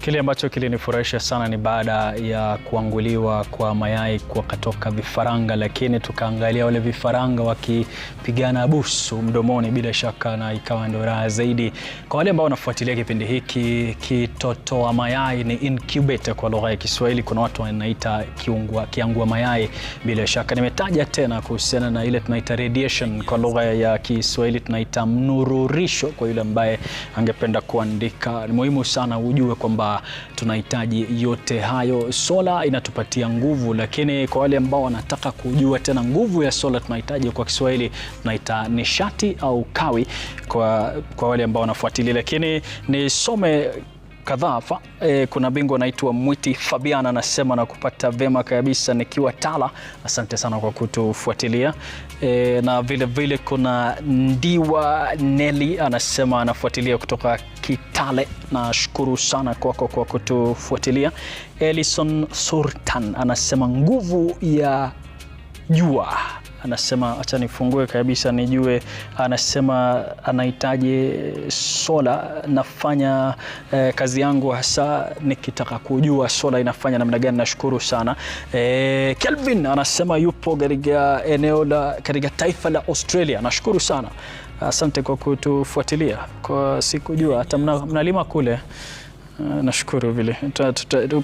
Kile ambacho kilinifurahisha sana ni baada ya kuanguliwa kwa mayai kwa katoka vifaranga, lakini tukaangalia wale vifaranga wakipigana busu mdomoni, bila shaka na ikawa ndio raha zaidi. Kwa wale ambao wanafuatilia kipindi hiki, kitotoa mayai ni incubator kwa lugha ya Kiswahili, kuna watu wanaita kiungua, kiangua mayai. Bila shaka nimetaja tena kuhusiana na ile tunaita radiation, kwa lugha ya Kiswahili tunaita mnururisho. Kwa yule ambaye angependa kuandika, ni muhimu sana ujue kwamba tunahitaji yote hayo. Sola inatupatia nguvu, lakini kwa wale ambao wanataka kujua tena nguvu ya sola tunahitaji, kwa Kiswahili tunaita nishati au kawi kwa, kwa wale ambao wanafuatilia, lakini nisome kadhaa e, kuna bingwa anaitwa Mwiti Fabian anasema na kupata vema kabisa nikiwa Tala. Asante sana kwa kutufuatilia e, na vilevile vile kuna Ndiwa Neli anasema anafuatilia kutoka Kitale. Nashukuru sana kwako kwa kutufuatilia. Elison Sultan anasema nguvu ya jua anasema acha nifungue kabisa nijue, anasema anahitaji sola. Nafanya eh, kazi yangu hasa nikitaka kujua sola inafanya namna gani. Nashukuru sana eh, Kelvin anasema yupo katika eneo la katika taifa la Australia. Nashukuru sana, asante kwa kutufuatilia, kwa sikujua hata mnalima kule eh, Nashukuru vile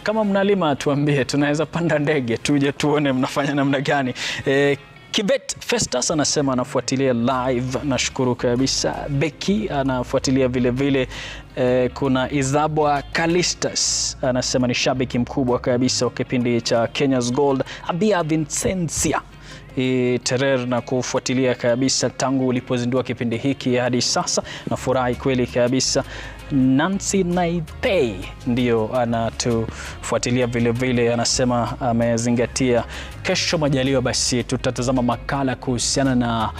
kama mnalima, tuambie tunaweza panda ndege tuje tuone mnafanya namna gani eh, Kibet Festus anasema anafuatilia live, nashukuru kabisa. Beki anafuatilia vilevile vile. E, kuna Izabwa Kalistas anasema ni shabiki mkubwa kabisa wa kipindi cha Kenya's Gold. Abia Vincentia Terer na kufuatilia kabisa tangu ulipozindua kipindi hiki hadi sasa. na furahi kweli kabisa. Nancy Naitei ndio anatufuatilia vilevile, anasema amezingatia. Kesho majaliwa, basi tutatazama makala kuhusiana na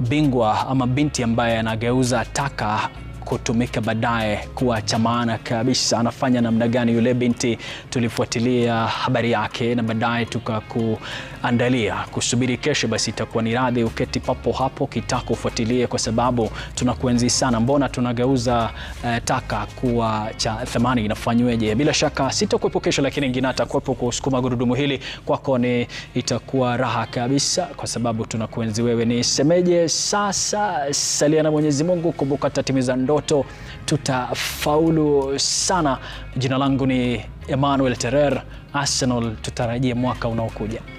bingwa ama binti ambaye anageuza taka kutumika baadaye kuwa cha maana kabisa. Anafanya namna gani yule binti? Tulifuatilia habari yake na baadaye tukakuandalia kusubiri kesho. Basi itakuwa ni radhi uketi papo hapo kitako ufuatilie, kwa sababu tunakuenzi sana. Mbona tunageuza eh, taka kuwa cha thamani? Inafanyweje? Bila shaka sitakuwepo kesho, lakini ngina atakuwepo kusukuma gurudumu hili kwako, ni itakuwa raha kabisa, kwa sababu tunakuenzi wewe. semeje sasa? Salia na Mwenyezi Mungu, kumbuka tatimiza ndoto ndoto tutafaulu sana. Jina langu ni Emmanuel Terer. Arsenal tutarajie mwaka unaokuja.